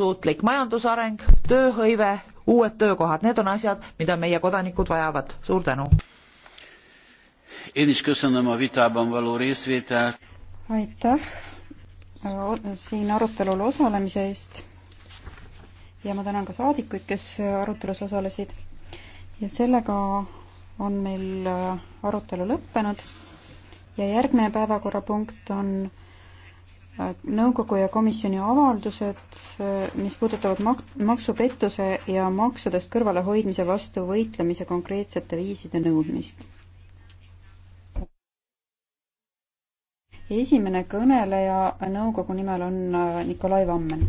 jätkusuutlik majandusareng, tööhõive, uued töökohad, need on asjad, mida meie kodanikud vajavad. suur tänu! aitäh siin arutelul osalemise eest ja ma tänan ka saadikuid, kes arutelus osalesid. ja sellega on meil arutelu lõppenud ja järgmine päevakorrapunkt on nõukogu ja komisjoni avaldused, mis puudutavad mak-, maksupettuse ja maksudest kõrvalehoidmise vastu võitlemise konkreetsete viiside nõudmist. esimene kõneleja nõukogu nimel on äh, Nikolai Vammen.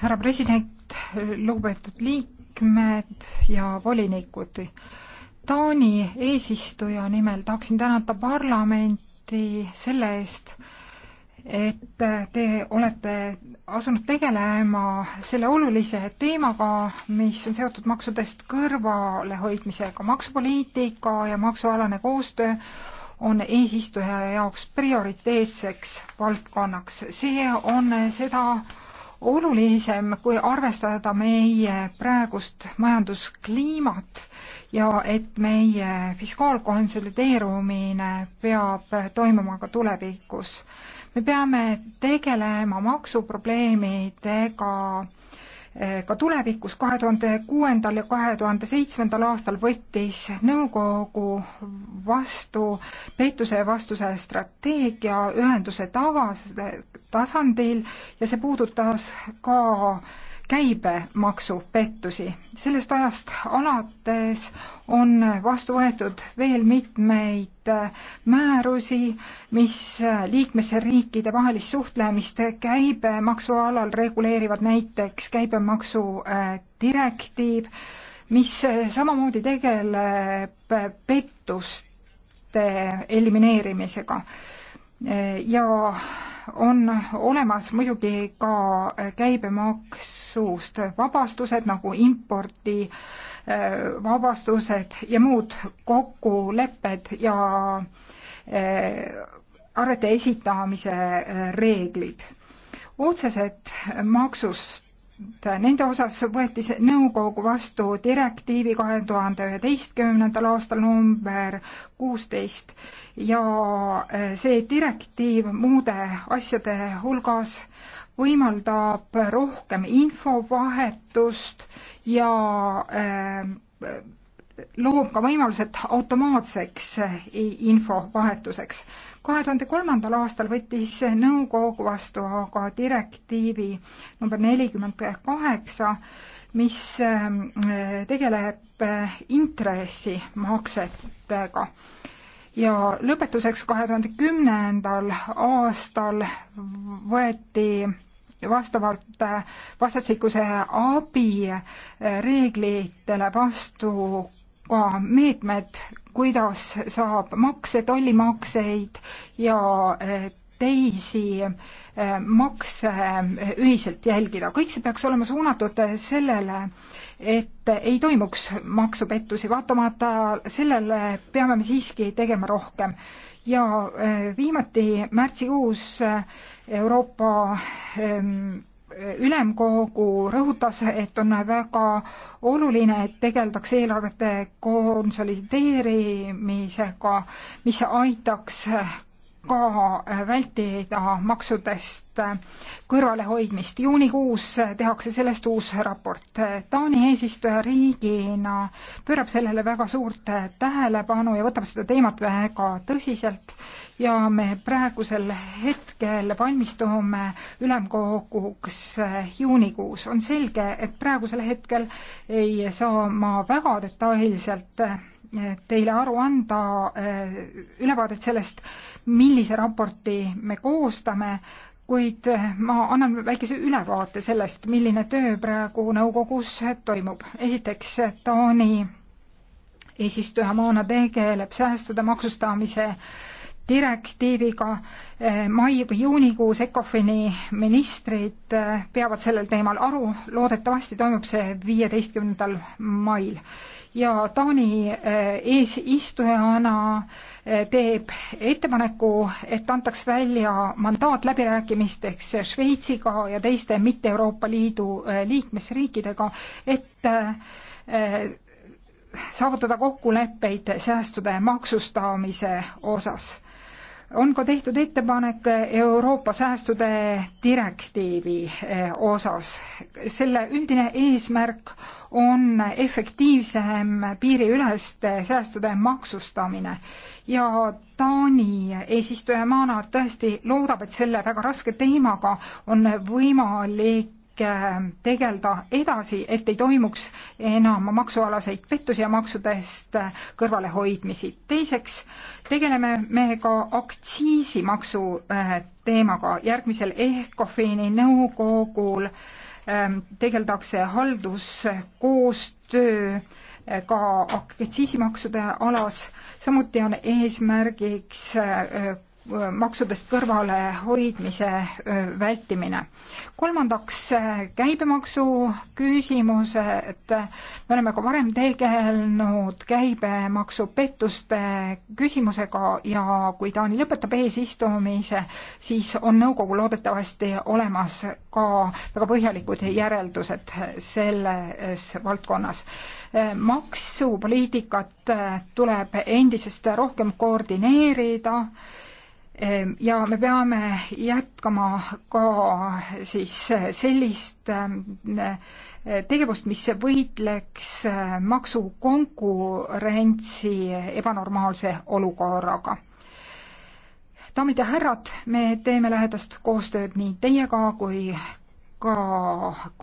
härra president, lugupeetud liikmed ja volinikud Taani eesistuja nimel tahaksin tänada parlamenti selle eest, et te olete asunud tegelema selle olulise teemaga, mis on seotud maksudest kõrvalehoidmisega. maksupoliitika ja maksualane koostöö on eesistuja jaoks prioriteetseks valdkonnaks. see on seda olulisem, kui arvestada meie praegust majanduskliimat ja et meie fiskaalkonsolideerumine peab toimuma ka tulevikus. me peame tegelema maksuprobleemidega Eh, ka tulevikus, kahe tuhande kuuendal ja kahe tuhande seitsmendal aastal võttis nõukogu vastu pettuse vastuse strateegia ühenduse tavas, tasandil ja see puudutas ka käibemaksupettusi. sellest ajast alates on vastu võetud veel mitmeid määrusi, mis liikmesriikide vahelist suhtlemist käibemaksu alal reguleerivad, näiteks käibemaksu äh, direktiiv, mis samamoodi tegeleb pettuste elimineerimisega äh, ja on olemas muidugi ka käibemaksust vabastused nagu impordi äh, vabastused ja muud kokkulepped ja äh, arvete esitamise äh, reeglid. otsesed maksust Nende osas võeti nõukogu vastu direktiivi kahe tuhande üheteistkümnendal aastal number kuusteist ja e, see direktiiv muude asjade hulgas võimaldab rohkem infovahetust ja e, loob ka võimalused automaatseks infovahetuseks kahe tuhande kolmandal aastal võttis nõukogu vastu aga direktiivi number nelikümmend kaheksa, mis ähm, tegeleb äh, intressimaksetega. ja lõpetuseks kahe tuhande kümnendal aastal võeti vastavalt äh, vastastikuse abi äh, reeglitele vastu ka meetmed, kuidas saab makse, tollimakseid ja eh, teisi eh, makse eh, ühiselt jälgida. kõik see peaks olema suunatud sellele, et ei toimuks maksupettusi, vaatamata sellele peame me siiski tegema rohkem. ja viimati märtsikuus Euroopa ehm, ülemkogu rõhutas, et on väga oluline, et tegeldaks eelarvete konsolideerimisega, mis aitaks ka äh, vältida maksudest äh, kõrvalehoidmist. juunikuus äh, tehakse sellest uus raport. Taani eesistujariigina pöörab sellele väga suurt tähelepanu ja võtab seda teemat väga tõsiselt ja me praegusel hetkel valmistume ülemkoguks juunikuus. on selge, et praegusel hetkel ei saa ma väga detailselt teile aru anda ülevaadet sellest, millise raporti me koostame, kuid ma annan väikese ülevaate sellest, milline töö praegu nõukogus toimub. esiteks Taani eesistujamaana tegeleb säästude maksustamise äh, direktiiviga. Eh, mai või juunikuus ECOFIN-i ministrid eh, peavad sellel teemal aru, loodetavasti toimub see viieteistkümnendal mail. ja Taani eh, eesistujana teeb ettepaneku, et antaks välja mandaat läbirääkimisteks Šveitsiga ja teiste mitte Euroopa Liidu liikmesriikidega, et saavutada kokkuleppeid säästude maksustamise osas on ka tehtud ettepanek Euroopa säästude direktiivi eh, osas. selle üldine eesmärk on efektiivsem piiriüleste säästude maksustamine ja Taani eesistujamaana tõesti loodab, et selle väga raske teemaga on võimalik Äh, tegeleda edasi, et ei toimuks enam maksualaseid pettusi ja maksudest äh, kõrvalehoidmisi. teiseks tegeleme me ka aktsiisimaksu äh, teemaga. järgmisel EHCOFIN-i nõukogul ähm, tegeldakse halduskoostöö ka aktsiisimaksude alas, samuti on eesmärgiks maksudest kõrvalehoidmise vältimine. kolmandaks, äh, käibemaksu küsimused. Äh, me oleme ka varem tegelenud käibemaksupettuste küsimusega ja kui Taani lõpetab eesistumise, siis on nõukogul loodetavasti olemas ka väga põhjalikud järeldused selles valdkonnas. Äh, maksupoliitikat tuleb endisest rohkem koordineerida Ehm, ja me peame jätkama ka siis sellist ehm, eh, tegevust, mis võitleks eh, maksukonkurentsi ebanormaalse olukorraga daamid ja härrad, me teeme lähedast koostööd nii teiega kui ka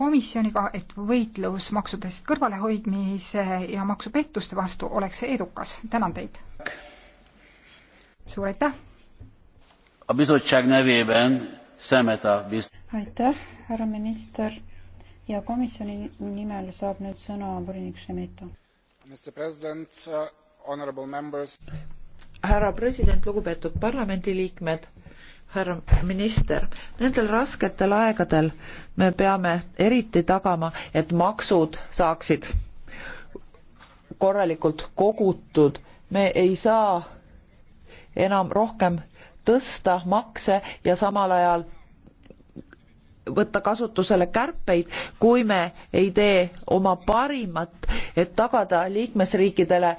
komisjoniga, et võitlus maksudest kõrvalehoidmise ja maksupettuste vastu oleks edukas. tänan teid! suur aitäh! A bizottság nevében Szemeta bizt-. aitäh, härra minister ja komisjoni nimel saab nüüd sõna volinik Šemeta. Uh, härra president, lugupeetud parlamendiliikmed, härra minister, nendel rasketel aegadel me peame eriti tagama, et maksud saaksid korralikult kogutud, me ei saa enam rohkem tõsta makse ja samal ajal võtta kasutusele kärpeid, kui me ei tee oma parimat, et tagada liikmesriikidele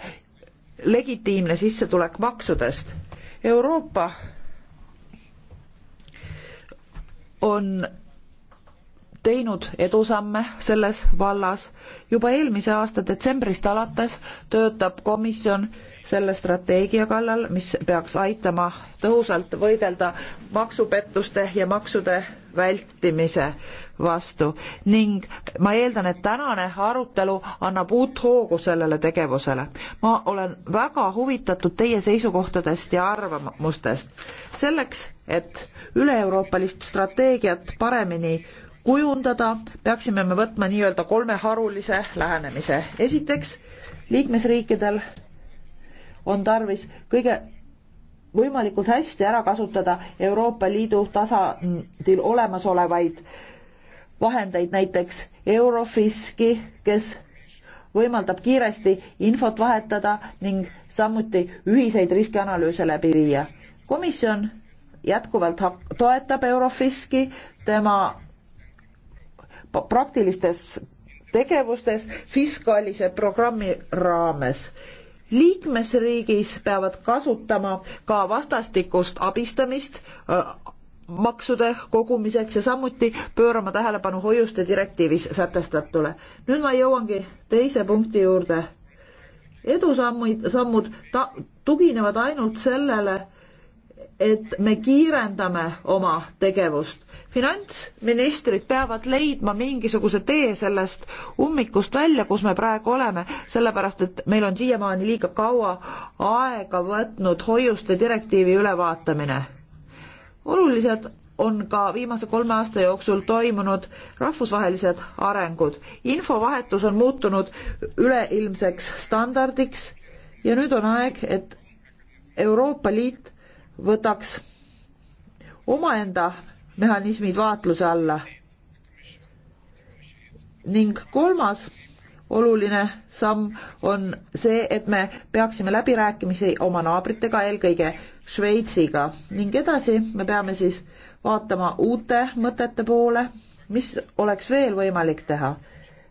legitiimne sissetulek maksudest. Euroopa on teinud edusamme selles vallas. juba eelmise aasta detsembrist alates töötab komisjon selle strateegia kallal, mis peaks aitama tõhusalt võidelda maksupettuste ja maksude vältimise vastu ning ma eeldan, et tänane arutelu annab uut hoogu sellele tegevusele. ma olen väga huvitatud teie seisukohtadest ja arvamustest. selleks, et üle-euroopalist strateegiat paremini kujundada, peaksime me võtma nii-öelda kolmeharulise lähenemise. esiteks, liikmesriikidel on tarvis kõige võimalikult hästi ära kasutada Euroopa Liidu tasandil olemasolevaid vahendeid, näiteks Eurofiski, kes võimaldab kiiresti infot vahetada ning samuti ühiseid riskianalüüse läbi viia. komisjon jätkuvalt toetab Eurofiski tema praktilistes tegevustes fiskaalise programmi raames liikmesriigis peavad kasutama ka vastastikust abistamist maksude kogumiseks ja samuti pöörama tähelepanu hoiuste direktiivis sätestatule. nüüd ma jõuangi teise punkti juurde. edusammud, sammud ta, tuginevad ainult sellele, et me kiirendame oma tegevust. finantsministrid peavad leidma mingisuguse tee sellest ummikust välja, kus me praegu oleme, sellepärast et meil on siiamaani liiga kaua aega võtnud hoiuste direktiivi ülevaatamine. olulised on ka viimase kolme aasta jooksul toimunud rahvusvahelised arengud. infovahetus on muutunud üleilmseks standardiks ja nüüd on aeg, et Euroopa Liit võtaks omaenda mehhanismid vaatluse alla. ning kolmas oluline samm on see, et me peaksime läbirääkimisi oma naabritega, eelkõige Šveitsiga ning edasi me peame siis vaatama uute mõtete poole, mis oleks veel võimalik teha.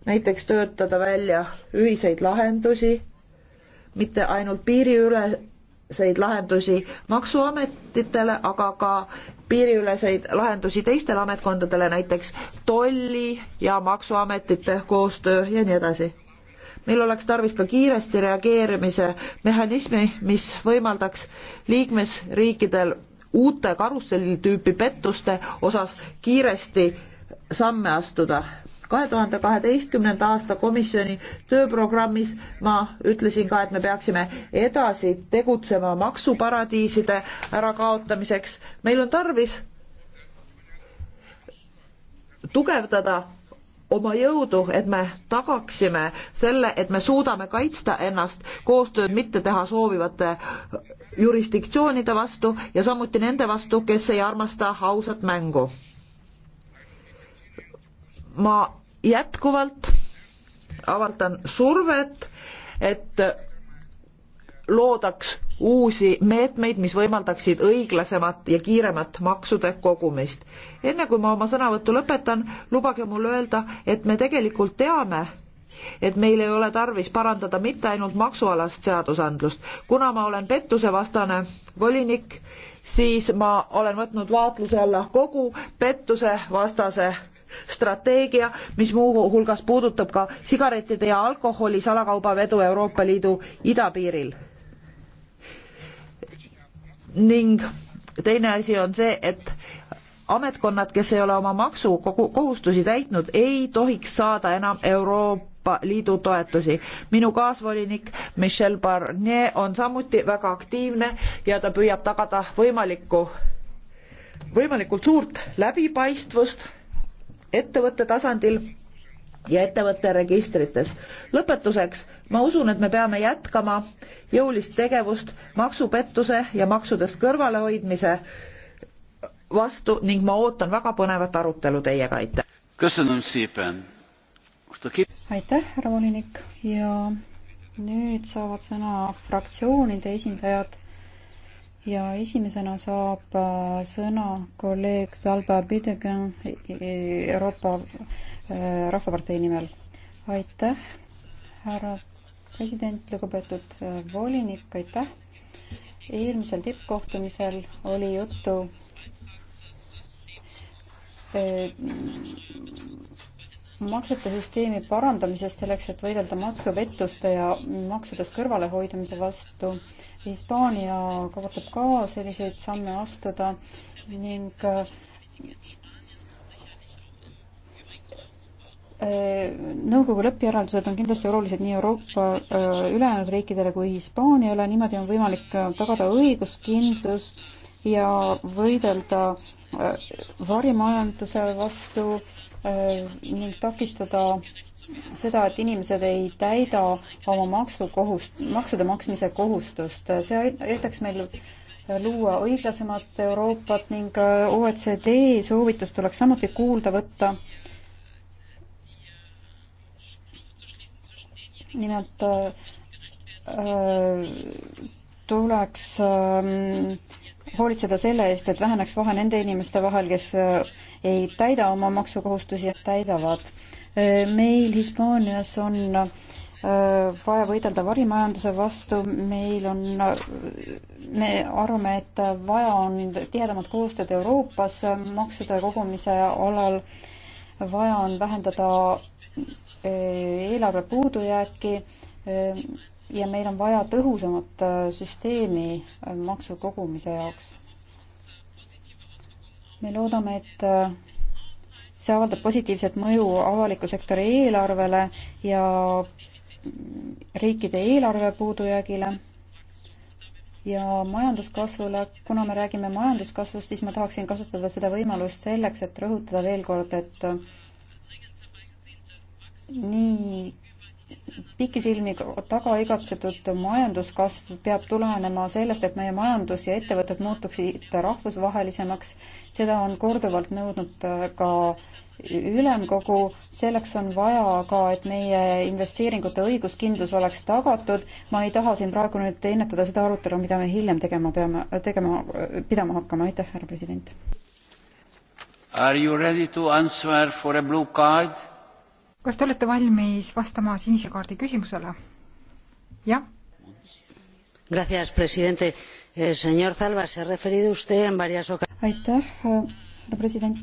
näiteks töötada välja ühiseid lahendusi, mitte ainult piiriüle piiriüleseid lahendusi maksuametitele, aga ka piiriüleseid lahendusi teistele ametkondadele, näiteks tolli ja maksuametite koostöö ja nii edasi. meil oleks tarvis ka kiiresti reageerimise mehhanismi, mis võimaldaks liikmesriikidel uute karusselli tüüpi pettuste osas kiiresti samme astuda kahe tuhande kaheteistkümnenda aasta komisjoni tööprogrammis ma ütlesin ka, et me peaksime edasi tegutsema maksuparadiiside ärakaotamiseks. meil on tarvis tugevdada oma jõudu, et me tagaksime selle, et me suudame kaitsta ennast koostööd mitte teha soovivate jurisdiktsioonide vastu ja samuti nende vastu, kes ei armasta ausat mängu. ma jätkuvalt avaldan survet, et loodaks uusi meetmeid, mis võimaldaksid õiglasemat ja kiiremat maksude kogumist. enne kui ma oma sõnavõttu lõpetan, lubage mul öelda, et me tegelikult teame, et meil ei ole tarvis parandada mitte ainult maksualast seadusandlust. kuna ma olen pettusevastane volinik, siis ma olen võtnud vaatluse alla kogu pettusevastase strateegia, mis muuhulgas puudutab ka sigarettide ja alkoholi salakaubavedu Euroopa Liidu idapiiril. ning teine asi on see, et ametkonnad, kes ei ole oma maksukohustusi täitnud, ei tohiks saada enam Euroopa Euroopa Liidu toetusi. minu kaasvolinik Michel Barnier on samuti väga aktiivne ja ta püüab tagada võimalikku, võimalikult suurt läbipaistvust ettevõtte tasandil ja ettevõtte registrites. lõpetuseks, ma usun, et me peame jätkama jõulist tegevust maksupettuse ja maksudest kõrvalehoidmise vastu ning ma ootan väga põnevat arutelu teiega, aitäh! aitäh, härra volinik ja nüüd saavad sõna fraktsioonide esindajad ja esimesena saab äh, sõna kolleeg Salba Pidegen e, e, Euroopa äh, Rahvapartei nimel. aitäh, härra president, lugupeetud äh, volinik, aitäh. eelmisel tippkohtumisel oli juttu maksete süsteemi parandamisest selleks, et võidelda maksupettuste ja maksudest kõrvalehoidmise vastu Hispaania kavatseb ka selliseid samme astuda ning äh, nõukogu lõppjäreldused on kindlasti olulised nii Euroopa äh, ülejäänud riikidele kui Hispaaniale, niimoodi on võimalik äh, tagada õiguskindlus ja võidelda varimajanduse vastu ning takistada seda, et inimesed ei täida oma maksukohust, maksude maksmise kohustust. see aitaks meil luua õiglasemat Euroopat ning äh, OECD soovitust tuleks samuti kuulda võtta. nimelt äh, tuleks ähm, hoolitseda selle eest, et väheneks vahe nende inimeste vahel, kes äh, ei täida oma maksukohustusi ja täidavad äh, meil Hispaanias on äh, vaja võidelda varimajanduse vastu, meil on, me arvame, et vaja on tihedamat koostööd Euroopas maksude kogumise alal, vaja on vähendada äh, eelarve puudujääki äh, ja meil on vaja tõhusamat süsteemi maksu kogumise jaoks. me loodame, et see avaldab positiivset mõju avaliku sektori eelarvele ja riikide eelarve puudujäägile ja majanduskasvule, kuna me räägime majanduskasvust, siis ma tahaksin kasutada seda võimalust selleks, et rõhutada veel kord, et nii pikisilmi taga igatsetud majanduskasv peab tulenema sellest, et meie majandus ja ettevõtted muutuksid rahvusvahelisemaks. seda on korduvalt nõudnud äh, ka ülemkogu, selleks on vaja ka, et meie investeeringute õiguskindlus oleks tagatud. ma ei taha siin praegu nüüd ennetada seda arutelu, mida me hiljem tegema peame, äh, tegema, äh, pidama hakkame, aitäh, härra president. Are you ready to answer for a blue card? kas te olete valmis vastama sinise kaardi küsimusele? jah? Gracias, presidente. Eh, señor Zalba, se ha referido usted en varias ocasiones. Aitäh, härra president.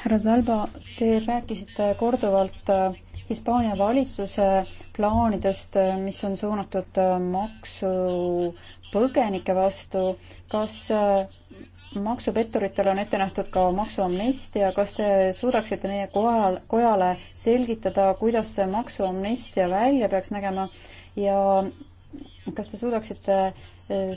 härra Zalba, te rääkisite korduvalt eh, Hispaania valitsuse plaanidest, eh, mis on suunatud eh, maksupõgenike vastu. kas maksupetturitele on ette nähtud ka maksuamnestia, kas te suudaksite meie kojal, kojale selgitada, kuidas see maksuamnestia välja peaks nägema ja kas te suudaksite eh,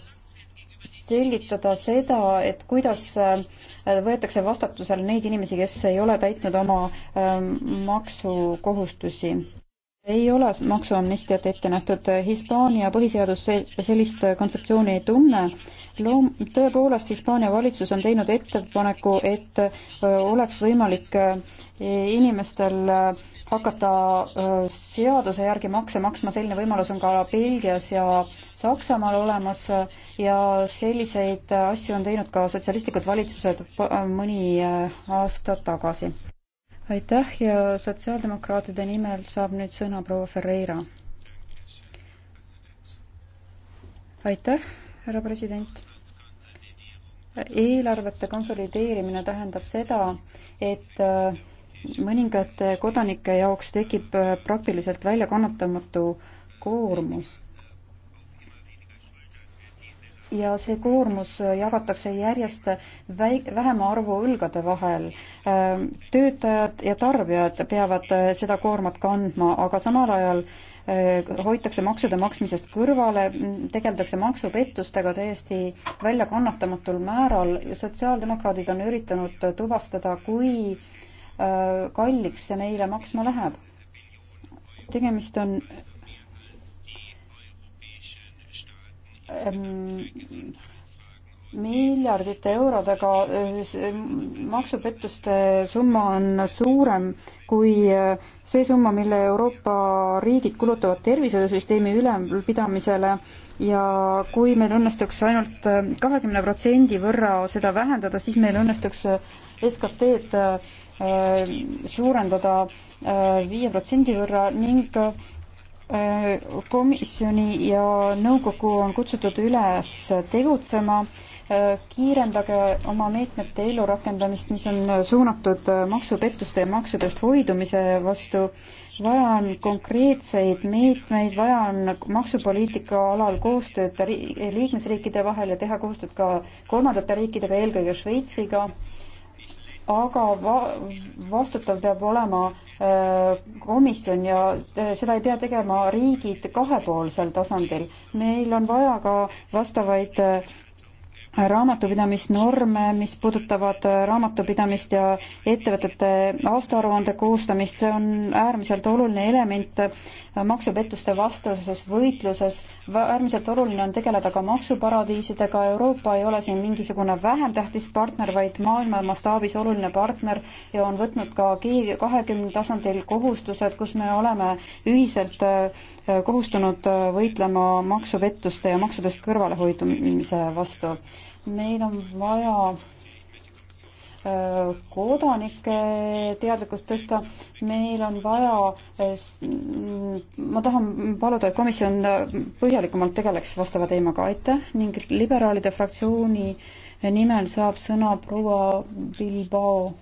selgitada seda, et kuidas eh, võetakse vastutusele neid inimesi, kes ei ole täitnud oma eh, maksukohustusi? ei ole maksuamnestiat ette nähtud, Hispaania põhiseadus sellist kontseptsiooni ei tunne loom-, tõepoolest Hispaania valitsus on teinud ettepaneku, et oleks võimalik inimestel hakata seaduse järgi makse maksma, selline võimalus on ka Belgias ja Saksamaal olemas ja selliseid asju on teinud ka sotsialistlikud valitsused mõni aasta tagasi. aitäh ja sotsiaaldemokraatide nimel saab nüüd sõna proua Ferreira. aitäh härra president. eelarvete konsolideerimine tähendab seda, et äh, mõningate kodanike jaoks tekib äh, praktiliselt väljakannatamatu koormus ja see koormus äh, jagatakse järjest väi-, vähema arvu õlgade vahel. töötajad ja tarbijad peavad seda koormat kandma, aga samal ajal äh, Äh, hoitakse maksude maksmisest kõrvale, tegeldakse maksupettustega täiesti väljakannatamatul määral. sotsiaaldemokraadid on üritanud tuvastada, kui äh, kalliks see meile maksma läheb. tegemist on ähm, miljardite eurodega eh, maksupettuste summa on suurem kui eh, see summa, mille Euroopa riigid kulutavad tervishoiusüsteemi ülepidamisele ja kui meil õnnestuks ainult eh, kahekümne protsendi võrra seda vähendada, siis meil õnnestuks SKT-d suurendada viie protsendi võrra ning komisjoni ja nõukogu on kutsutud üles tegutsema kiirendage oma meetmete ellurakendamist, mis on suunatud maksupettuste ja maksudest hoidumise vastu. vaja on konkreetseid meetmeid, vaja on maksupoliitika alal koostööd liikmesriikide vahel ja teha koostööd ka kolmandate riikidega, eelkõige Šveitsiga aga va-, vastutav peab olema äh, komisjon ja äh, seda ei pea tegema riigid kahepoolsel tasandil. meil on vaja ka vastavaid äh, raamatupidamisnorme, mis puudutavad äh, raamatupidamist ja ettevõtete aastaaruande koostamist, see on äärmiselt oluline element äh, maksupettuste vastases võitluses äärmiselt oluline on tegeleda ka maksuparadiisidega, Euroopa ei ole siin mingisugune vähem tähtis partner, vaid maailma mastaabis oluline partner ja on võtnud ka G kahekümne tasandil kohustused, kus me oleme ühiselt äh, kohustunud äh, võitlema maksupettuste ja maksudest kõrvalehoidumise vastu. meil on vaja kodanike teadlikkust tõsta. meil on vaja, ma tahan paluda, et komisjon põhjalikumalt tegeleks vastava teemaga, aitäh ning liberaalide fraktsiooni nimel saab sõna proua Bilbao.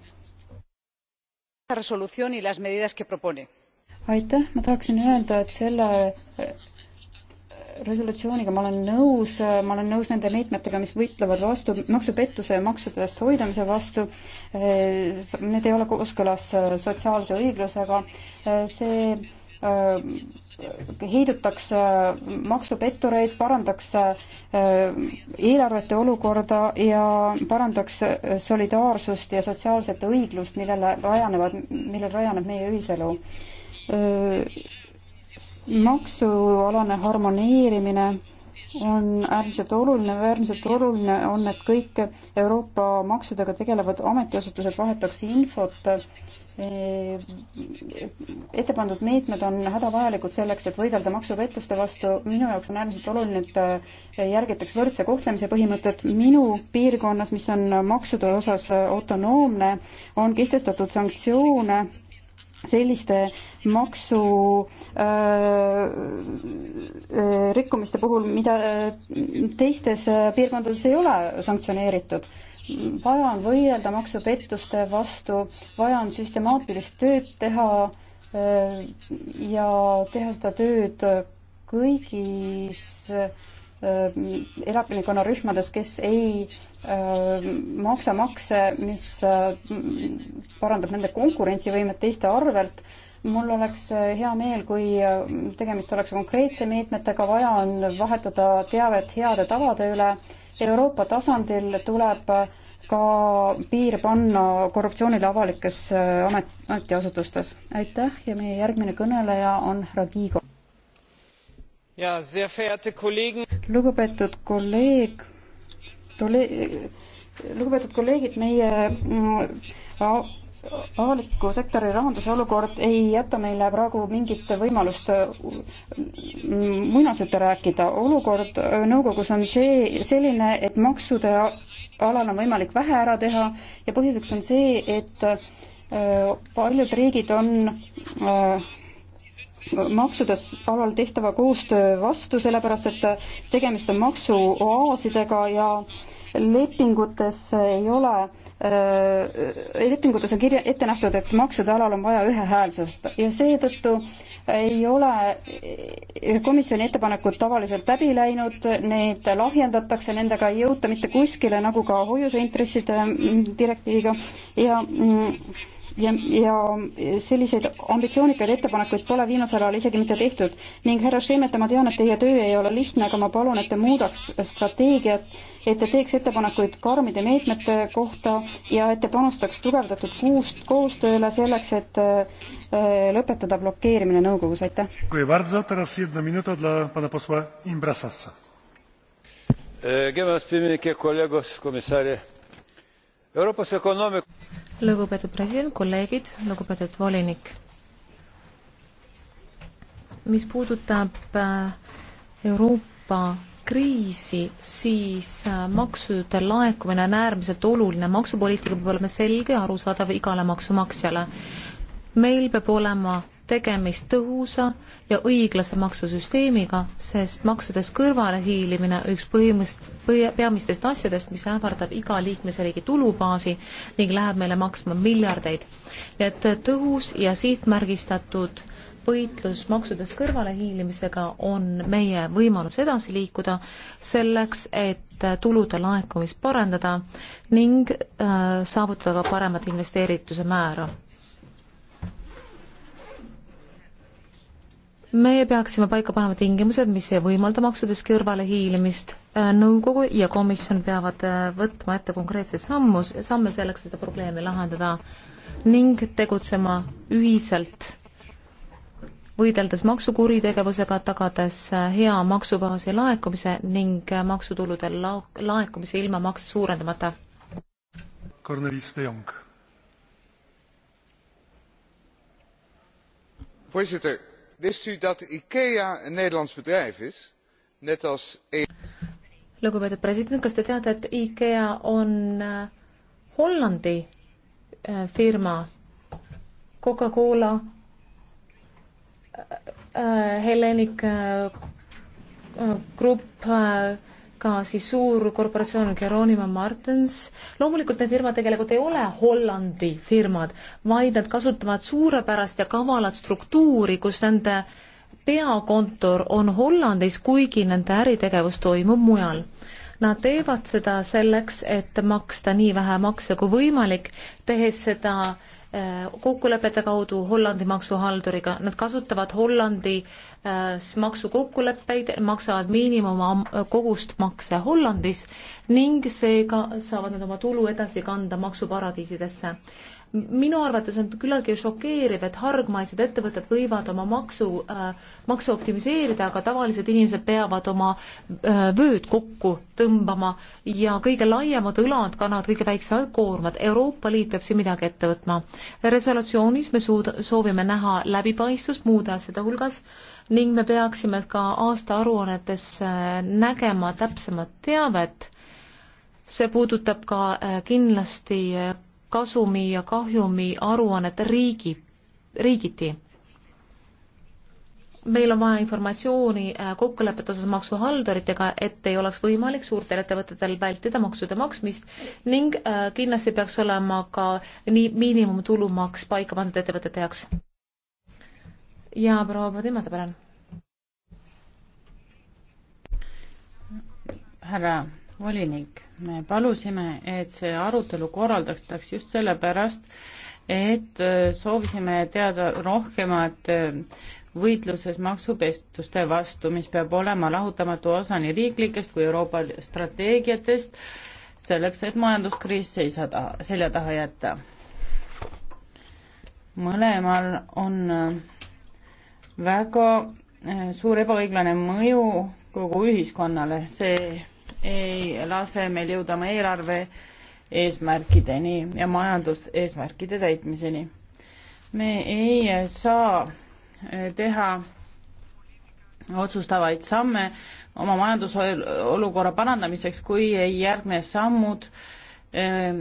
aitäh, ma tahaksin öelda, et selle resolutsiooniga ma olen nõus, ma olen nõus nende meetmetega, mis võitlevad vastu maksupettuse ja maksudest hoidamise vastu. Eh, need ei ole kooskõlas eh, sotsiaalse õiglusega. Eh, see heidutaks maksupettureid, parandaks eelarvete olukorda ja parandaks solidaarsust ja sotsiaalset õiglust, millele rajanevad, millel rajaneb meie ühiselu maksualane harmoneerimine on äärmiselt oluline, äärmiselt oluline on, et kõik Euroopa maksudega tegelevad ametiasutused vahetaks infot. Eh, ette pandud meetmed on hädavajalikud selleks, et võidelda maksupettuste vastu. minu jaoks on äärmiselt oluline, et eh, järgitaks võrdse kohtlemise põhimõtet. minu piirkonnas, mis on maksude osas autonoomne, on kehtestatud sanktsioone selliste maksu öö, rikkumiste puhul, mida teistes piirkondades ei ole sanktsioneeritud. vaja on võidelda maksupettuste vastu, vaja on süstemaatilist tööd teha öö, ja teha seda tööd kõigis elanikkonnarühmades, kes ei Äh, maksamakse, mis äh, parandab nende konkurentsivõimet teiste arvelt. mul oleks äh, hea meel, kui tegemist oleks konkreetse meetmetega, vaja on vahetada teavet heade tavade üle. Euroopa tasandil tuleb ka piir panna korruptsioonile avalikes amet, ametiasutustes. aitäh ja meie järgmine kõneleja on härra Kiigo. lugupeetud kolleeg lugupeetud kolleegid, meie mm, avaliku sektori rahanduse olukord ei jäta meile praegu mingit võimalust mm, muinasjutte rääkida. olukord äh, nõukogus on see, selline, et maksude alal on võimalik vähe ära teha ja põhjuseks on see, et äh, paljud riigid on äh, maksude alal tehtava koostöö vastu, sellepärast et tegemist on maksuoaasidega ja lepingutes ei ole äh, lepingutes on kirja, ette nähtud, et maksude alal on vaja ühehäälsust ja seetõttu ei ole komisjoni ettepanekud tavaliselt läbi läinud, need lahjendatakse, nendega ei jõuta mitte kuskile, nagu ka hoiuseintressid mm, direktiiviga ja mm, ja, ja selliseid ambitsioonikaid ettepanekuid pole viimasel ajal isegi mitte tehtud ning härra Šemet, ma tean, et teie töö ei ole lihtne, aga ma palun, et te muudaks strateegiat, et te teeks ettepanekuid karmide meetmete kohta ja et te panustaks tugevdatud kuust koostööle selleks, et äh, lõpetada blokeerimine nõukogus, aitäh. E, gerbiamas pirmininke, kolleegos, komissar, Euroopas ökonoomik- lugupeetud president, kolleegid, lugupeetud volinik. mis puudutab äh, Euroopa kriisi, siis äh, maksude laekumine on äärmiselt oluline, maksupoliitika peab olema selge, arusaadav igale maksumaksjale. meil peab olema tegemist tõhusa ja õiglase maksusüsteemiga, sest maksudest kõrvalehiilimine on üks põhimõttest, peamistest asjadest, mis ähvardab iga liikmesriigi tulubaasi ning läheb meile maksma miljardeid. nii et tõhus ja sihtmärgistatud võitlus maksudest kõrvalehiilimisega on meie võimalus edasi liikuda selleks, et tulude laekumist parandada ning äh, saavutada ka paremat investeerituse määra meie peaksime paika panema tingimused, mis ei võimalda maksudest kõrvalehiilimist. Äh, nõukogu ja komisjon peavad äh, võtma ette konkreetseid sammu, samme selleks, et seda probleemi lahendada ning tegutsema ühiselt, võideldes maksukuritegevusega, tagades äh, hea maksubaasi laekumise ning maksutulude la laekumise ilma makse suurendamata. Cornelis de Jong. voorzitter wist u dat ikea een nederlands bedrijf is net als. lugupeetud president kas te teate et ikea on äh, hollandi äh, firma coca cola äh, hellenic grupp ka siis suurkorporatsioon Geronima Martens. loomulikult need firmad tegelikult ei ole Hollandi firmad, vaid nad kasutavad suurepärast ja kavalat struktuuri, kus nende peakontor on Hollandis, kuigi nende äritegevus toimub mujal. Nad teevad seda selleks, et maksta nii vähe makse kui võimalik, tehes seda eh, kokkulepete kaudu Hollandi maksuhalduriga, nad kasutavad Hollandi äh, Äh, maksukokkuleppeid, maksavad miinimumkogust makse Hollandis ning seega saavad nad oma tulu edasi kanda maksuparadiisidesse. minu arvates on küllaltki šokeeriv, et hargmaised ettevõtted võivad oma maksu äh,, makse optimiseerida, aga tavalised inimesed peavad oma äh, vööd kokku tõmbama ja kõige laiemad õlad kannavad kõige väiksemad koormad. Euroopa Liit peab siin midagi ette võtma. resolutsioonis me suud-, soovime näha läbipaistvust muude asjade hulgas äh,, ning me peaksime ka aastaaruannetes äh, nägema täpsemat teavet. see puudutab ka äh, kindlasti äh, kasumi ja kahjumi aruannet riigi, riigiti meil on vaja informatsiooni kokkulepete osas maksuhalduritega, et ei oleks võimalik suurtel ettevõtetel vältida maksude maksmist ning kindlasti peaks olema ka nii miinimumtulumaks paika pandud ettevõtete jaoks ja proua Padimata, palun. härra volinik, me palusime, et see arutelu korraldataks just sellepärast, et äh, soovisime teada rohkemat äh, võitluses maksupestuste vastu, mis peab olema lahutamatu osa nii riiklikest kui Euroopa strateegiatest, selleks et majanduskriis seisa taha, selja taha jätta. mõlemal on äh, väga äh, suur ebaõiglane mõju kogu ühiskonnale, see ei lase meil jõuda oma eelarve eesmärkideni ja majanduseesmärkide täitmiseni. me ei saa äh, teha otsustavaid samme oma majandusolukorra parandamiseks, kui ei järgne sammud ähm,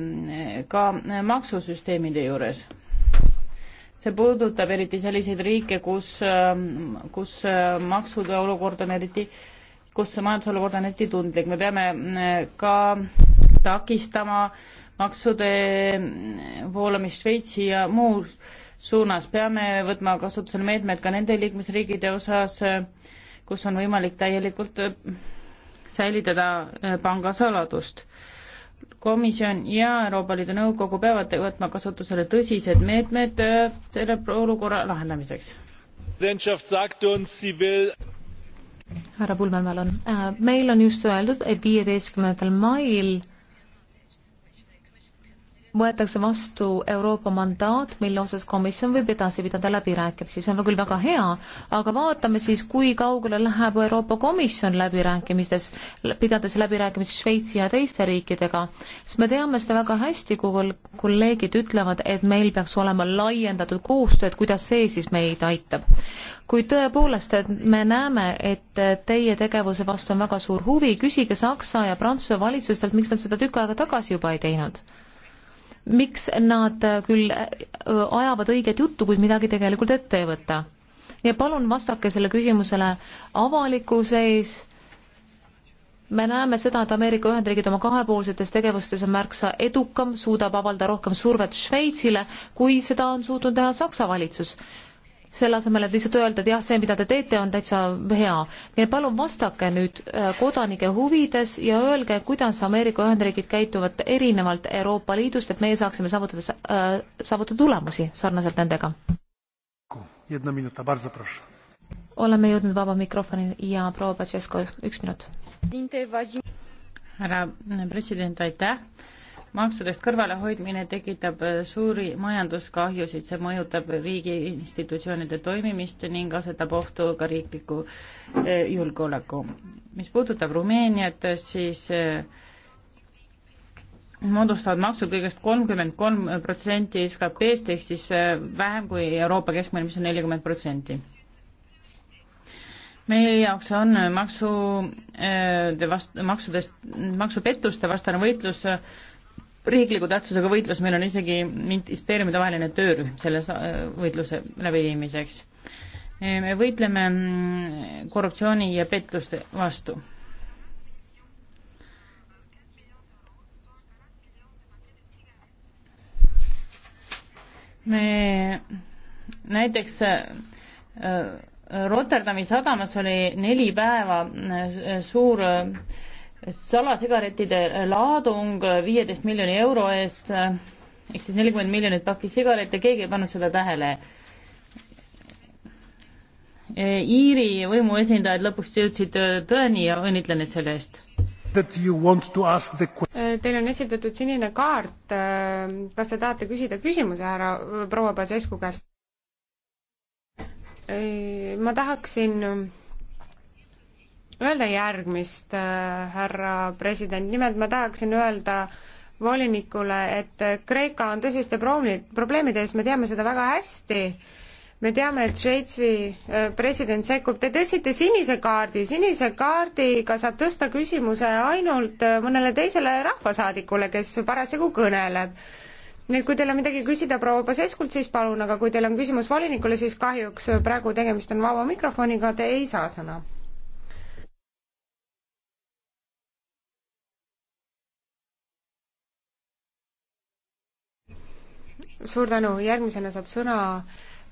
ka maksusüsteemide juures see puudutab eriti selliseid riike, kus, ähm, kus äh, maksude olukord on eriti, kus majandusolukord on eriti tundlik, me peame äh, ka takistama maksude äh, voolamist Šveitsi ja muus suunas, peame võtma kasutusele meetmed ka nende liikmesriigide osas, kus on võimalik täielikult säilitada pangasaladust komisjon ja Euroopa Liidu Nõukogu peavad võtma kasutusele tõsised meetmed äh, selle olukorra lahendamiseks. härra Pulmelmäel on, äh, meil on just öeldud, et viieteistkümnendal mail võetakse vastu Euroopa mandaat, mille osas komisjon võib edasi pidada läbirääkimisi, see on küll väga hea, aga vaatame siis, kui kaugele läheb Euroopa Komisjon läbirääkimistes, pidades läbirääkimisi Šveitsi ja teiste riikidega, sest me teame seda väga hästi, kui kolleegid ütlevad, et meil peaks olema laiendatud koostöö, et kuidas see siis meid aitab. kui tõepoolest, et me näeme, et teie tegevuse vastu on väga suur huvi, küsige Saksa ja Prantsuse valitsustelt, miks nad seda tükk aega tagasi juba ei teinud miks nad küll ajavad õiget juttu, kuid midagi tegelikult ette ei võta. ja palun vastake selle küsimusele avalikkuse ees. me näeme seda, et Ameerika Ühendriigid oma kahepoolsetes tegevustes on märksa edukam, suudab avaldada rohkem survet Šveitsile, kui seda on suutnud teha Saksa valitsus selle asemel, et lihtsalt öelda, et jah, see, mida te teete, on täitsa hea. nii et palun vastake nüüd äh, kodanike huvides ja öelge, kuidas Ameerika Ühendriigid käituvad erinevalt Euroopa Liidust, et meie saaksime saavutada, äh, saavutada tulemusi sarnaselt nendega. oleme jõudnud vaba mikrofoni ja proua Patšesko, üks minut. härra president, aitäh maksudest kõrvalehoidmine tekitab äh, suuri majanduskahjusid, see mõjutab riigi institutsioonide toimimist ning asetab ohtu ka riikliku äh, julgeoleku. mis puudutab Rumeeniat, siis äh, moodustavad maksud kõigest kolmkümmend kolm protsenti SKP-st ehk siis vähem kui Euroopa keskmine, mis on nelikümmend protsenti meie jaoks on maksu, vast-, maksudest, maksupettuste vastane võitlus riikliku tähtsusega võitlus, meil on isegi ministeeriumide vaheline töörühm selle võitluse läbiviimiseks. me võitleme korruptsiooni ja pettuste vastu. me näiteks äh, äh, Rotterdami sadamas oli neli päeva äh, suur salasigarettide laadung viieteist miljoni euro eest ehk siis nelikümmend miljonit pakki sigarette, keegi ei pannud seda tähele. Iiri võimuesindajad lõpuks jõudsid tõeni ja õnnitlen neid selle eest. The... Teil on esitatud sinine kaart, kas te tahate küsida küsimuse härra proua Pasescu käest? ma tahaksin öelda järgmist, äh, härra president, nimelt ma tahaksin öelda volinikule, et Kreeka on tõsiste probleemide ees, me teame seda väga hästi me teame, et Šveitsi äh, president sekkub, te tõstsite sinise kaardi, sinise kaardiga saab tõsta küsimuse ainult äh, mõnele teisele rahvasaadikule, kes parasjagu kõneleb. nüüd, kui teil on midagi küsida proua Paseskult, siis palun, aga kui teil on küsimus volinikule, siis kahjuks praegu tegemist on vaba mikrofoniga, te ei saa sõna. suur tänu, järgmisena saab sõna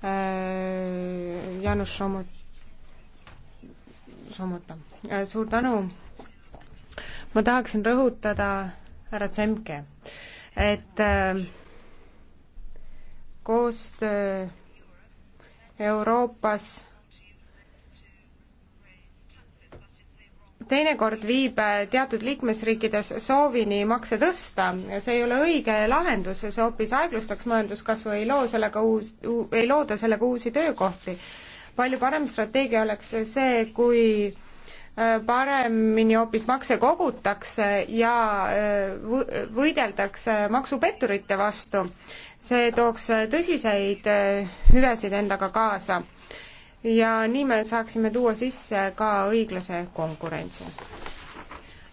äh, Jaanus Šomut-, Šomuta. Äh, suur tänu, ma tahaksin rõhutada härra Tsemke, et äh, koostöö Euroopas teinekord viib äh, teatud liikmesriikides soovini makse tõsta, see ei ole õige lahendus, see hoopis aeglustaks majanduskasvu, ei loo sellega uus, ei looda sellega uusi töökohti. palju parem strateegia oleks see, kui äh, paremini hoopis makse kogutakse ja äh, võideldakse maksupetturite vastu. see tooks tõsiseid hüvesid endaga kaasa ja nii me saaksime tuua sisse ka õiglase konkurentsi.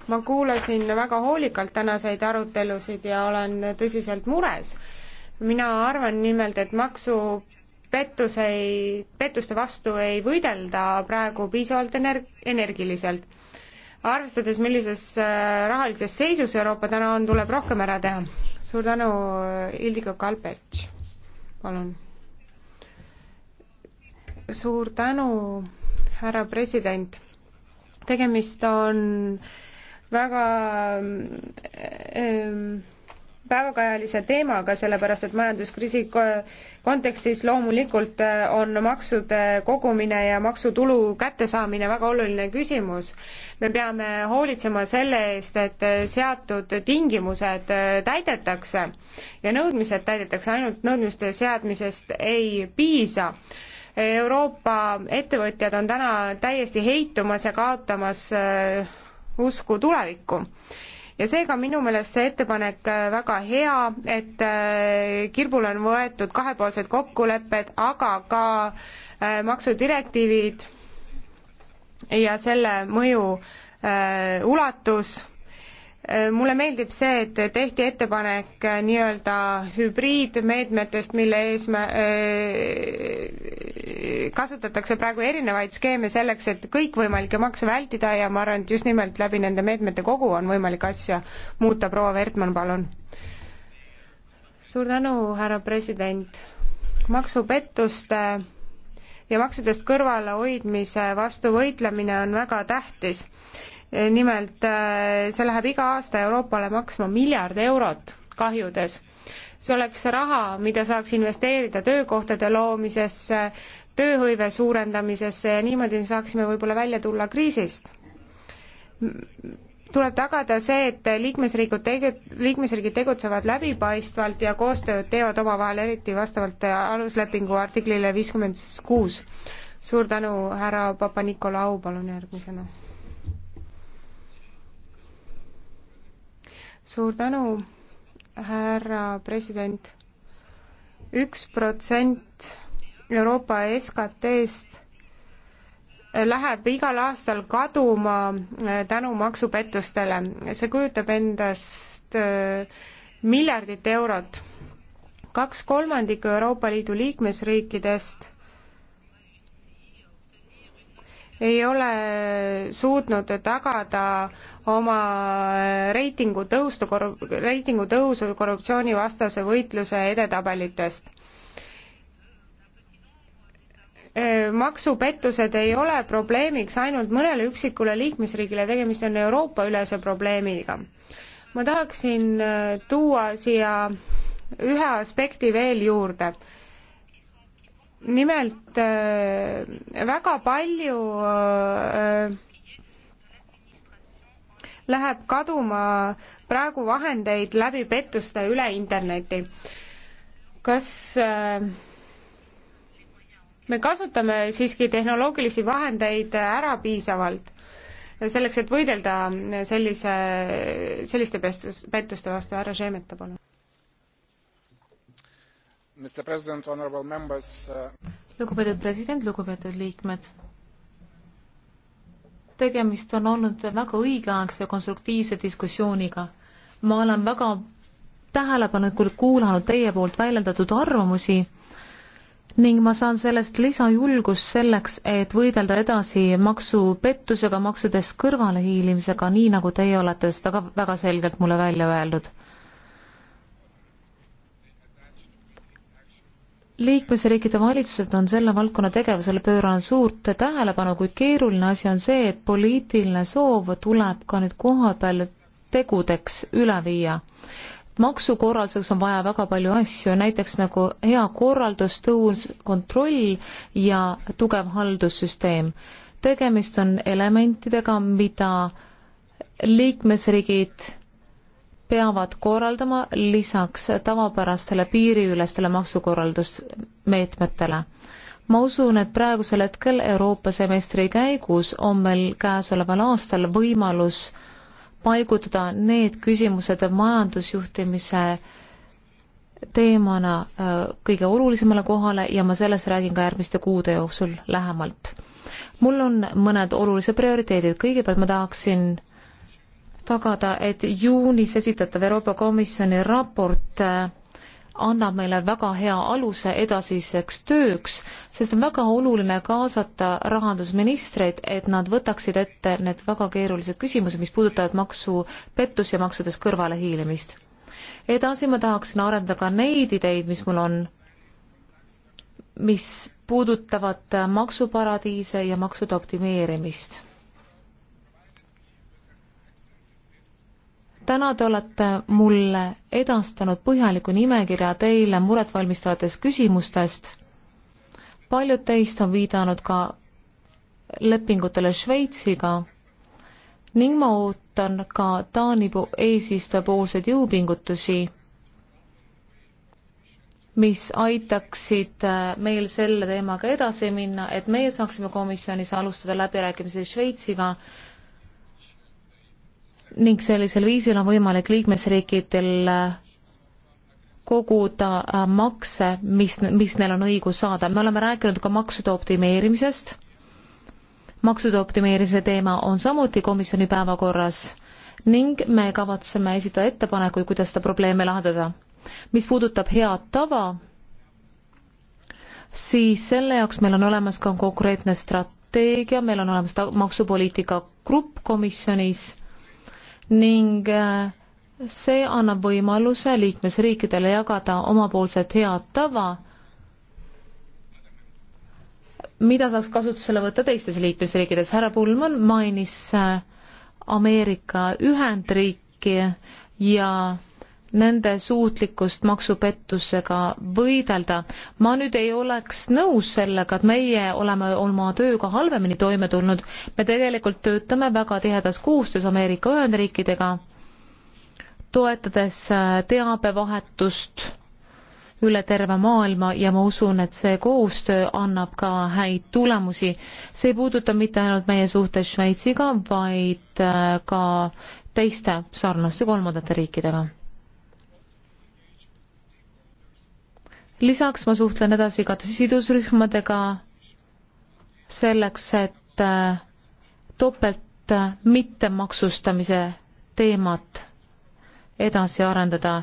ma kuulasin väga hoolikalt tänaseid arutelusid ja olen tõsiselt mures. mina arvan nimelt, et maksu pettuseid, pettuste vastu ei võidelda praegu piisavalt ener-, energiliselt. arvestades, millises äh, rahalises seisus Euroopa täna on, tuleb rohkem ära teha. suur tänu, Ildiko Kalpets, palun suur tänu, härra president. tegemist on väga ähm, päevakajalise teemaga, sellepärast et majanduskriisi kontekstis loomulikult äh, on maksude kogumine ja maksutulu kättesaamine väga oluline küsimus. me peame hoolitsema selle eest, et äh, seatud tingimused äh, täidetakse ja nõudmised täidetakse, ainult nõudmiste seadmisest ei piisa Euroopa ettevõtjad on täna täiesti heitumas ja kaotamas äh, usku tulevikku ja seega on minu meelest see ettepanek äh, väga hea, et äh, kirbule on võetud kahepoolsed kokkulepped, aga ka maksudirektiivid ja selle mõju ulatus mulle meeldib see, et tehti ettepanek äh, nii-öelda hübriidmeetmetest, mille eesmä-, äh, kasutatakse praegu erinevaid skeeme selleks, et kõikvõimalikke makse vältida ja ma arvan, et just nimelt läbi nende meetmete kogu on võimalik asja muuta, proua Vertmann, palun. suur tänu, härra president. maksupettuste äh, ja maksudest kõrvalehoidmise vastu võitlemine on väga tähtis nimelt äh, see läheb iga aasta Euroopale maksma miljard eurot kahjudes. see oleks raha, mida saaks investeerida töökohtade loomisesse, tööhõive suurendamisesse ja niimoodi saaksime võib-olla välja tulla kriisist. tuleb tagada see, et liikmesriigid tege-, liikmesriigid tegutsevad läbipaistvalt ja koostööd teevad omavahel, eriti vastavalt aluslepingu artiklile viiskümmend kuus. suur tänu, härra Papa-Nikolau, palun järgmisena suur tänu, härra president. üks protsent Euroopa SKT-st eh, läheb igal aastal kaduma eh, tänu maksupettustele. see kujutab endast eh, miljardit eurot. kaks kolmandikku Euroopa Liidu liikmesriikidest ei ole suutnud tagada oma reitingu tõustu, reitingu tõusu korruptsioonivastase võitluse edetabelitest. maksupettused ei ole probleemiks ainult mõnele üksikule liikmesriigile, tegemist on Euroopa-ülese probleemiga. ma tahaksin tuua siia ühe aspekti veel juurde nimelt äh, väga palju äh, läheb kaduma praegu vahendeid läbi pettuste üle interneti. kas äh, me kasutame siiski tehnoloogilisi vahendeid ära piisavalt? selleks, et võidelda sellise, selliste pettuste vastu, härra Šemeta, palun. Uh, lugupeetud president, lugupeetud liikmed. tegemist on olnud väga õigeaegse konstruktiivse diskussiooniga. ma olen väga tähelepanelikult kuulanud teie poolt väljendatud arvamusi ning ma saan sellest lisajulgust selleks, et võidelda edasi maksupettusega, maksudest kõrvalehiilimisega, nii nagu teie olete seda ka väga selgelt mulle välja öeldud liikmesriikide valitsused on selle valdkonna tegevusele pööranud suurt tähelepanu, kuid keeruline asi on see, et poliitiline soov tuleb ka nüüd kohapeal tegudeks üle viia. maksukorralduseks on vaja väga palju asju, näiteks nagu hea korraldus, tõus, kontroll ja tugev haldussüsteem. tegemist on elementidega, mida liikmesriigid peavad korraldama lisaks tavapärastele piiriülestele maksukorraldusmeetmetele. ma usun, et praegusel hetkel Euroopa semestri käigus on meil käesoleval aastal võimalus paigutada need küsimused majandusjuhtimise teemana äh, kõige olulisemale kohale ja ma sellest räägin ka järgmiste kuude jooksul lähemalt. mul on mõned olulised prioriteedid, kõigepealt ma tahaksin tagada, et juunis esitatav Euroopa Komisjoni raport äh, annab meile väga hea aluse edasiseks tööks, sest on väga oluline kaasata rahandusministreid, et nad võtaksid ette need väga keerulised küsimused, mis puudutavad maksupettusi ja maksudest kõrvalehiilimist. edasi ma tahaksin arendada ka neid ideid, mis mul on, mis puudutavad maksuparadiise ja maksude optimeerimist täna te olete mulle edastanud põhjaliku nimekirja teile muretvalmistavatest küsimustest. paljud teist on viidanud ka lepingutele Šveitsiga ning ma ootan ka Taani eesistuja poolseid jõupingutusi, mis aitaksid äh, meil selle teemaga edasi minna, et meie saaksime komisjonis alustada läbirääkimisi Šveitsiga ning sellisel viisil on võimalik liikmesriikidel äh, koguda äh, makse, mis, mis neil on õigus saada. me oleme rääkinud ka maksude optimeerimisest. maksude optimeerimise teema on samuti komisjoni päevakorras ning me kavatseme esitada ettepanekuid, kuidas seda probleemi lahendada. mis puudutab head tava, siis selle jaoks meil on olemas ka konkreetne strateegia, meil on olemas maksupoliitika grupp komisjonis ning äh, see annab võimaluse liikmesriikidele jagada omapoolset head tava, mida saaks kasutusele võtta teistes liikmesriikides. härra Pullmann mainis äh, Ameerika Ühendriiki ja nende suutlikkust maksupettusega võidelda. ma nüüd ei oleks nõus sellega, et meie oleme oma tööga halvemini toime tulnud. me tegelikult töötame väga tihedas koostöös Ameerika Ühendriikidega, toetades äh, teabevahetust üle terve maailma ja ma usun, et see koostöö annab ka häid tulemusi. see ei puuduta mitte ainult meie suhteid Šveitsiga, vaid äh, ka teiste sarnaste kolmandate riikidega lisaks ma suhtlen edasi ka sidusrühmadega selleks, et äh, topelt äh, mittemaksustamise teemat edasi arendada.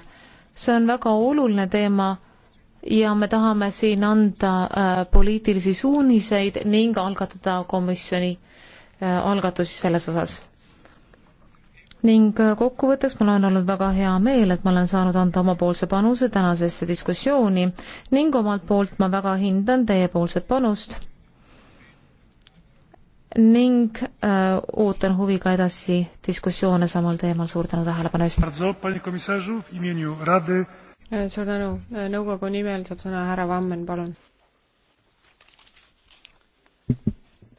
see on väga oluline teema ja me tahame siin anda äh, poliitilisi suuniseid ning algatada komisjoni algatusi selles osas ning äh, kokkuvõtteks mul on olnud väga hea meel, et ma olen saanud anda omapoolse panuse tänasesse diskussiooni ning omalt poolt ma väga hindan teiepoolset panust ning öö, äh, ootan huviga edasi diskussioone samal teemal, suur tänu tähelepanu eest! Äh, suur tänu, nõukogu nimel saab sõna härra Vammen, palun.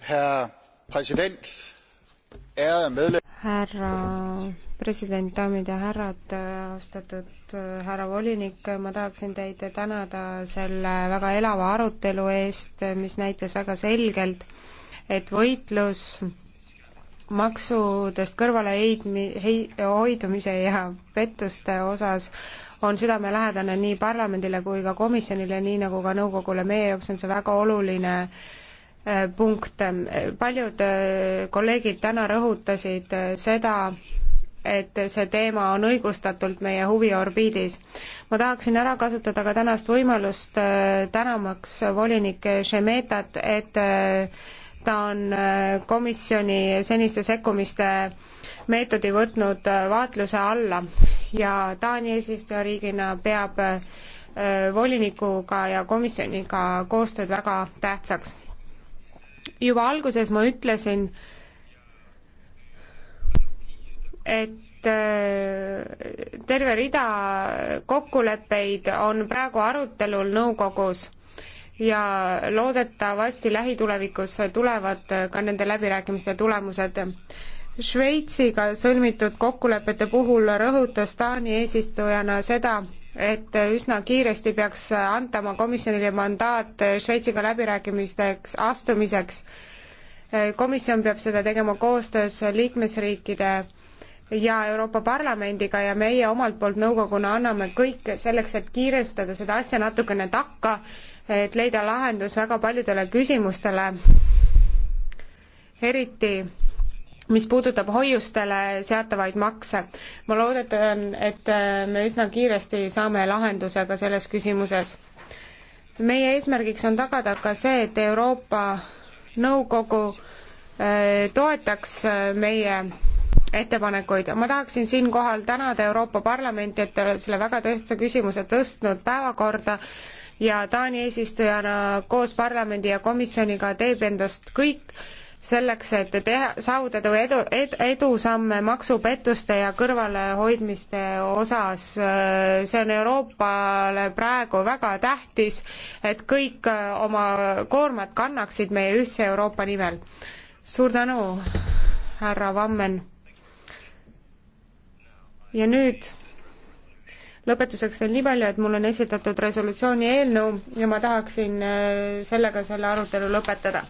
härra president härra president, daamid ja härrad, austatud äh, härra volinik, ma tahaksin teid tänada selle väga elava arutelu eest, mis näitas väga selgelt, et võitlus maksudest kõrvale heidmi-, hei-, hoidumise ja pettuste osas on südamelähedane nii parlamendile kui ka komisjonile, nii nagu ka nõukogule, meie jaoks on see väga oluline äh, Äh, punkte. paljud äh, kolleegid täna rõhutasid äh, seda, et see teema on õigustatult meie huviorbiidis. ma tahaksin ära kasutada ka tänast võimalust tänamaks volinik Šemetat, et ta on komisjoni seniste sekkumiste meetodi võtnud vaatluse alla ja Taani eesistujariigina peab volinikuga ja komisjoniga koostööd väga tähtsaks juba alguses ma ütlesin, et äh, terve rida kokkuleppeid on praegu arutelul nõukogus ja loodetavasti lähitulevikus tulevad ka nende läbirääkimiste tulemused. Šveitsiga sõlmitud kokkulepete puhul rõhutas Taani eesistujana seda, et üsna kiiresti peaks antama komisjonile mandaat Šveitsiga läbirääkimisteks astumiseks. komisjon peab seda tegema koostöös liikmesriikide ja Euroopa Parlamendiga ja meie omalt poolt nõukoguna anname kõik selleks, et kiirestada seda asja natukene takka, et leida lahendus väga paljudele küsimustele, eriti mis puudutab hoiustele seatavaid makse. ma loodetan, et äh, me üsna kiiresti saame lahenduse ka selles küsimuses. meie eesmärgiks on tagada ka see, et Euroopa Nõukogu äh, toetaks äh, meie ettepanekuid. ma tahaksin siinkohal tänada Euroopa Parlamenti, et te olete selle väga tähtsa küsimuse tõstnud päevakorda ja Taani eesistujana koos parlamendi ja komisjoniga teeb endast kõik, selleks, et teha, saavutada või edu ed,, edusamme maksupettuste ja kõrvalehoidmiste osas. Äh, see on Euroopale praegu väga tähtis, et kõik äh, oma koormat kannaksid meie ühtse Euroopa nimel. suur tänu, härra Vammen. ja nüüd lõpetuseks veel nii palju, et mul on esitatud resolutsiooni eelnõu ja ma tahaksin äh, sellega selle arutelu lõpetada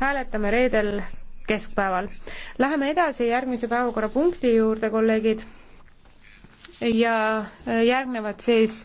hääletame reedel keskpäeval. Läheme edasi järgmise päevakorrapunkti juurde, kolleegid. ja äh, järgnevad siis